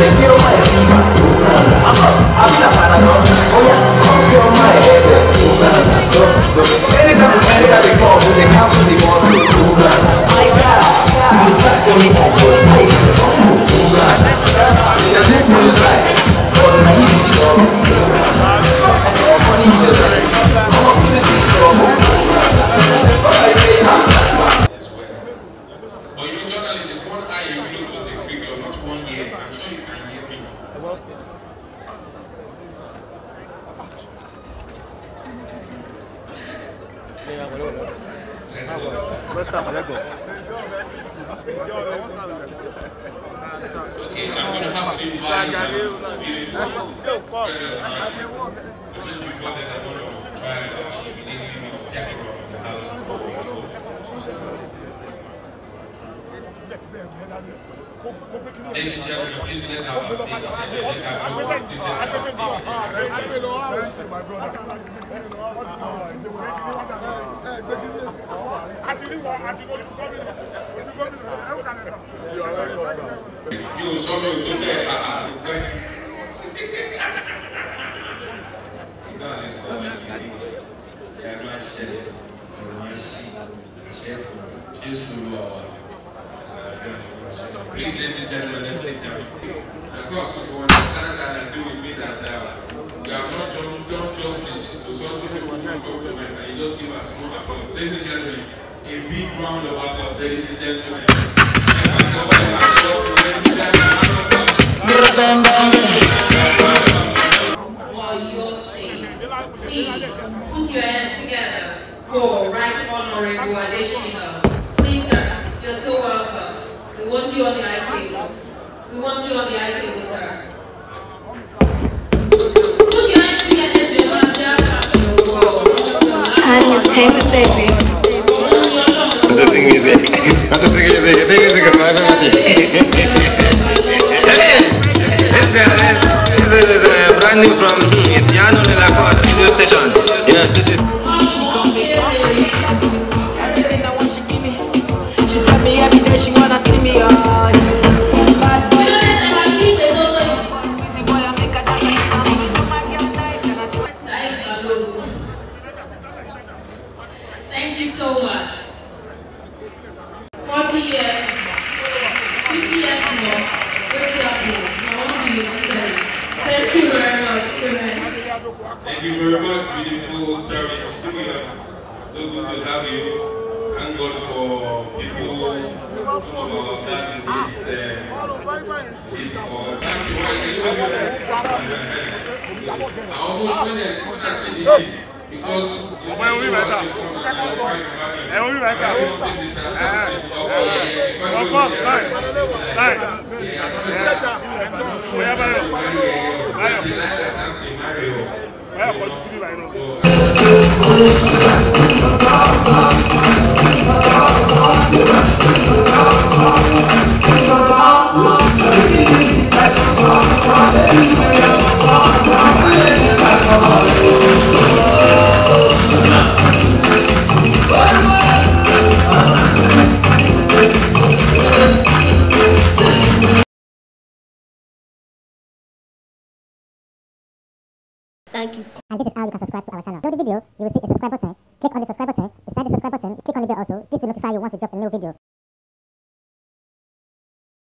で目の前に今 Okay, I'm going to have to invite uh, just before then, I to try and achieve an enemy technical of Ladies and gentlemen, please let's have our seats You saw me to get a ẹ máa ṣẹlẹ̀ ọ̀rọ̀ máa ṣí Jésù Olúwa wa. Please, ladies and gentlemen, let's sit down. Of course, you understand and agree with me that uh, we have not done, done justice to such people who come government and you just give us small applause. Ladies and gentlemen, a big round of applause, ladies and gentlemen. For your state, please put your hands together for Right Honorable Adeshima. Please, sir, you're so welcome. We want you on the IT. We want you on the IT, table, sir. Put your hands sing music. Not to sing music. I think music is my It's a, it's a, it's a brand new from Tiano Nelakoa radio station. Yes, this is. Thank you very much, beautiful Terry So good to have you. Thank God for people, some of our in this, uh, this hall. That's why I I almost went there to ask because I ẹ̀ kọjú sí bíbá yìí náà. Thank you. And this is how you can subscribe to our channel. Below the video, you will see a subscribe button. Click on the subscribe button. Beside the subscribe button, click on the bell also. This will notify you once we drop a new video.